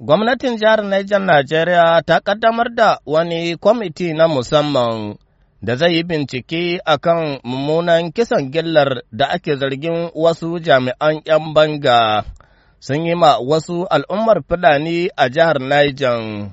Gwamnatin jihar Niger Najeriya ta ƙaddamar da wani kwamiti na musamman da zai yi bincike a kan mummunan kisan gillar da ake zargin wasu jami'an 'yan banga sun yi ma wasu al'ummar Fulani a jihar Niger.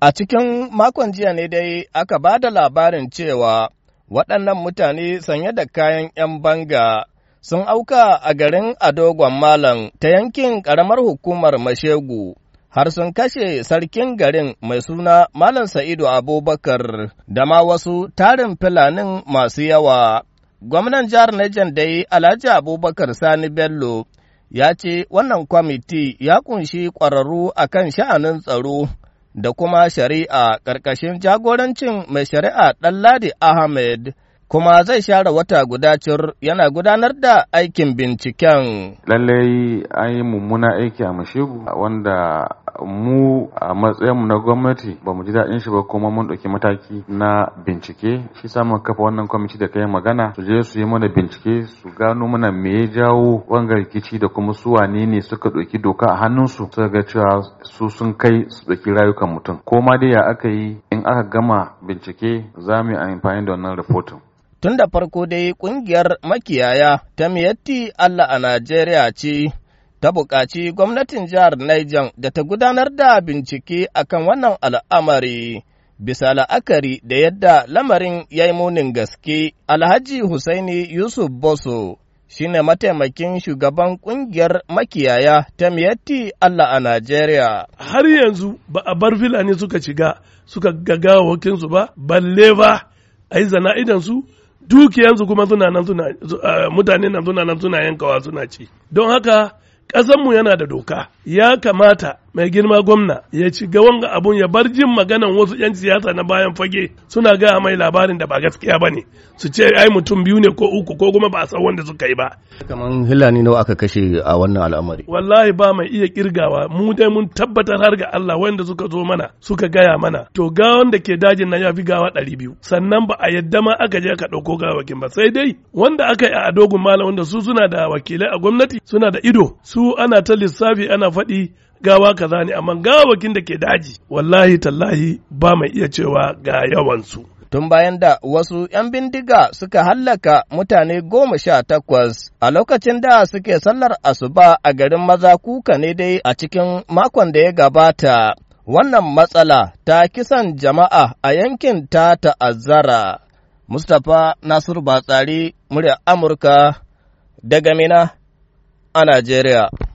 A cikin makon jiya ne dai aka ba da labarin cewa waɗannan mutane sanye da kayan 'yan banga sun auka a garin Adogon Malam ta yankin ƙaramar hukumar Mashegu. har sun kashe sarkin garin mai suna Malam Sa'idu Abubakar da ma wasu tarin filanin masu yawa. Gwamnan jihar Nijar dai Alhaji Abubakar Sani Bello ya ce wannan kwamiti ya kunshi ƙwararru a kan sha'anin tsaro da kuma shari'a ƙarƙashin jagorancin mai shari'a Ɗanladi Ahmed. kuma zai share wata guda cir yana gudanar da aikin binciken. Lallai an yi mummuna aiki a mashegu wanda mu a matsayinmu na gwamnati ba mu ji daɗin shi ba kuma mun ɗauki mataki na bincike shi samun kafa wannan kwamiti da kai magana su je su yi mana bincike su gano mana me ya jawo wanga rikici da kuma su wane ne suka ɗauki doka a hannunsu suka ga cewa su sun kai su ɗauki rayukan mutum ko ma dai ya aka yi in aka gama bincike za mu yi amfani da wannan rahoton. Tun da farko dai ƙungiyar makiyaya ta miyatti Allah a Najeriya ce ta buƙaci gwamnatin jihar Niger da ta gudanar da bincike a kan wannan al'amari. Bisa la'akari da yadda lamarin ya yi munin gaske, Alhaji Husaini Yusuf Boso shi ne mataimakin shugaban ƙungiyar makiyaya ta miyatti Allah a Najeriya. Har yanzu ba a bar Fulani suka shiga suka gagawa ba, balle ba a yi zana idansu dukiyansu kuma suna nan suna mutane nan suna nan suna yankawa suna ci don haka ƙasanmu yana da doka ya kamata mai girma gwamna ya ci ga wanga abun ya bar jin maganan wasu 'yan siyasa na bayan fage suna gaya mai labarin da ba gaskiya ba ne su ce ai mutum biyu ne ko uku ko kuma ba a san wanda suka yi ba. Kaman hillani nawa aka kashe a wannan al'amari. Wallahi ba mai iya kirgawa mu dai mun tabbatar har ga Allah wanda suka zo mana suka gaya mana to gawan da ke dajin nan ya fi gawa ɗari biyu sannan ba a yadda ma aka je aka ɗauko gawakin ba sai dai wanda aka yi a dogon malam wanda su suna da wakilai a gwamnati suna da ido su ana ta lissafi ana faɗi gawa kaza ne amma gawakin da ke daji wallahi tallahi ba mai iya cewa ga yawansu. Tun bayan da wasu ‘yan bindiga suka hallaka mutane goma sha takwas a lokacin da suke sallar asuba a garin maza kuka ne dai a cikin makon da ya gabata. Wannan matsala ta kisan jama'a a yankin ta ta'azzara. Mustapha Nasiru Batsari, murya Amurka, daga Mina a Najeriya.